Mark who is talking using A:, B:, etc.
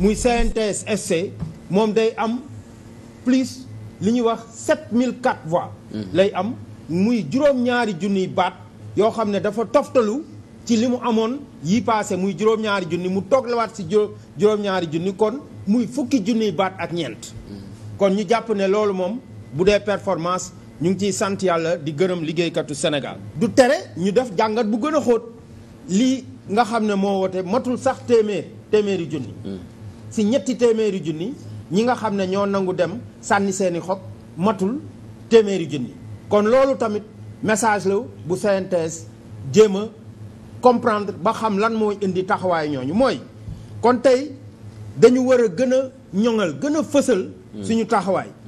A: muy CNTS FC moom day am plus li ñuy wax 7004 voix. Mm-hmm. lay am muy juróom-ñaari junniy baat yoo xam ne dafa toftalu ci li mu amoon yi paase muy juróom-ñaari junni mu tooglewaat ci juróom-ñaari junni kon muy fukki junniy baat ak ñeent. Mm-hmm. kon ñu jàpp ne loolu moom bu dee performance ñu ngi ciy sant yàlla di gërëm liggéeykatu Sénégal. du tere ñu def jàngat bu gën a xóot lii nga xam ne moo wote matul sax téeméer téeméeri junni. Mm-hmm. si ñetti téeméeri junni ñi nga xam ne ñoo nangu dem sànni seeni xob matul téeméeri junni kon loolu tamit message la bu CNTS jéem a comprendre ba xam lan mooy indi taxawaay ñooñu mooy kon tey dañu war a gën a ñoŋal gën a fësal hmm. suñu taxawaay